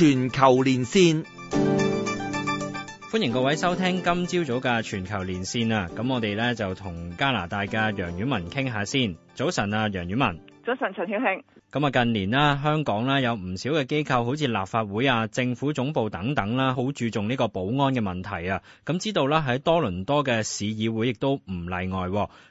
全球連線，歡迎各位收聽今朝早嘅全球連線啊！咁我哋呢，就同加拿大嘅楊婉文傾下先。早晨啊，楊婉文。早晨，陳曉慶。咁啊，近年香港有唔少嘅機構，好似立法會啊、政府總部等等啦，好注重呢個保安嘅問題啊。咁知道啦，喺多倫多嘅市議會亦都唔例外。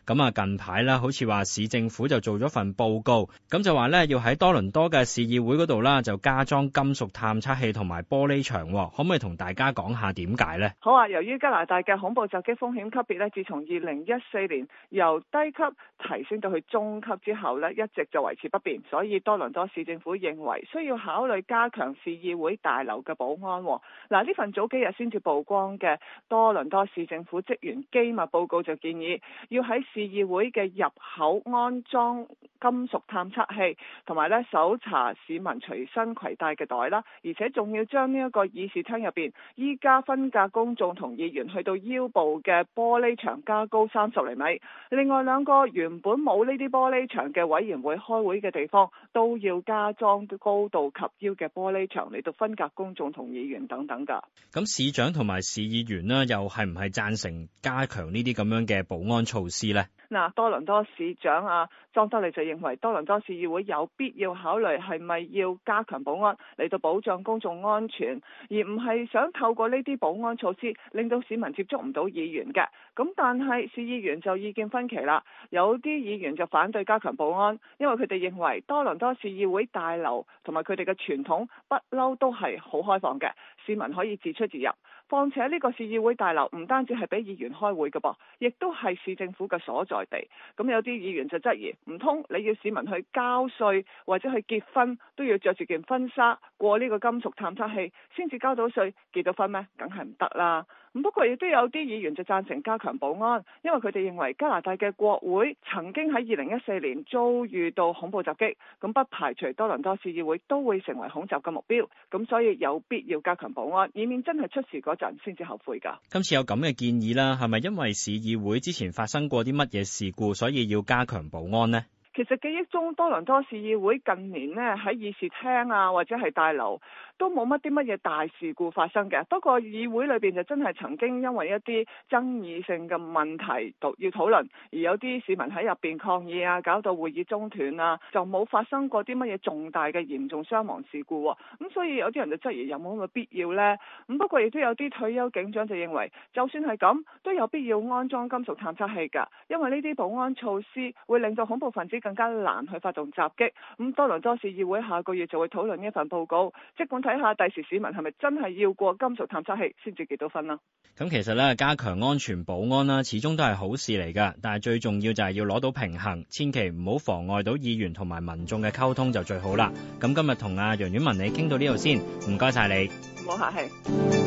咁啊，近排啦，好似話市政府就做咗份報告，咁就話咧要喺多倫多嘅市議會嗰度啦，就加裝金屬探測器同埋玻璃牆。可唔可以同大家講下點解呢？好啊，由於加拿大嘅恐怖襲擊風險級別咧，自從二零一四年由低級提升到去中級之後咧，一就維持不變，所以多倫多市政府認為需要考慮加強市議會大樓嘅保安。嗱，啊，呢份早幾日先至曝光嘅多倫多市政府職員機密報告就建議要喺市議會嘅入口安裝。金屬探測器，同埋咧，搜查市民隨身攜帶嘅袋啦，而且仲要將呢一個議事廳入邊，依家分隔公眾同議員去到腰部嘅玻璃牆加高三十厘米。另外兩個原本冇呢啲玻璃牆嘅委員會開會嘅地方，都要加裝高度及腰嘅玻璃牆嚟到分隔公眾同議員等等噶。咁市長同埋市議員咧，又係唔係贊成加強呢啲咁樣嘅保安措施呢？嗱，多倫多市長啊，莊德利就認為多倫多市議會有必要考慮係咪要加強保安嚟到保障公眾安全，而唔係想透過呢啲保安措施令到市民接觸唔到議員嘅。咁但係市議員就意見分歧啦，有啲議員就反對加強保安，因為佢哋認為多倫多市議會大樓同埋佢哋嘅傳統不嬲都係好開放嘅，市民可以自出自入。況且呢個市議會大樓唔單止係俾議員開會嘅噃，亦都係市政府嘅所在地。咁有啲議員就質疑：唔通你要市民去交稅或者去結婚都要着住件婚紗過呢個金屬探測器先至交到稅、結到婚咩？梗係唔得啦。咁不過亦都有啲議員就贊成加強保安，因為佢哋認為加拿大嘅國會曾經喺二零一四年遭遇到恐怖襲擊，咁不排除多倫多市議會都會成為恐襲嘅目標。咁所以有必要加強保安，以免真係出事嗰先至後悔㗎。今次有咁嘅建議啦，係咪因為市議會之前發生過啲乜嘢事故，所以要加強保安呢？其實記憶中多倫多市議會近年呢喺議事廳啊或者係大樓都冇乜啲乜嘢大事故發生嘅。不過議會裏邊就真係曾經因為一啲爭議性嘅問題要討論，而有啲市民喺入邊抗議啊，搞到會議中斷啊，就冇發生過啲乜嘢重大嘅嚴重傷亡事故。咁所以有啲人就質疑：「有冇咁嘅必要呢？」咁不過亦都有啲退休警長就認為，就算係咁，都有必要安裝金屬探測器噶，因為呢啲保安措施會令到恐怖分子。更加難去發動襲擊，咁多倫多市議會下個月就會討論呢一份報告。即管睇下第時市民係咪真係要過金屬探測器先至結到分啦。咁其實咧，加強安全保安啦，始終都係好事嚟噶但係最重要就係要攞到平衡，千祈唔好妨礙到議員同埋民眾嘅溝通就最好啦。咁今日同阿楊婉文你傾到呢度先，唔該晒你。唔好客氣。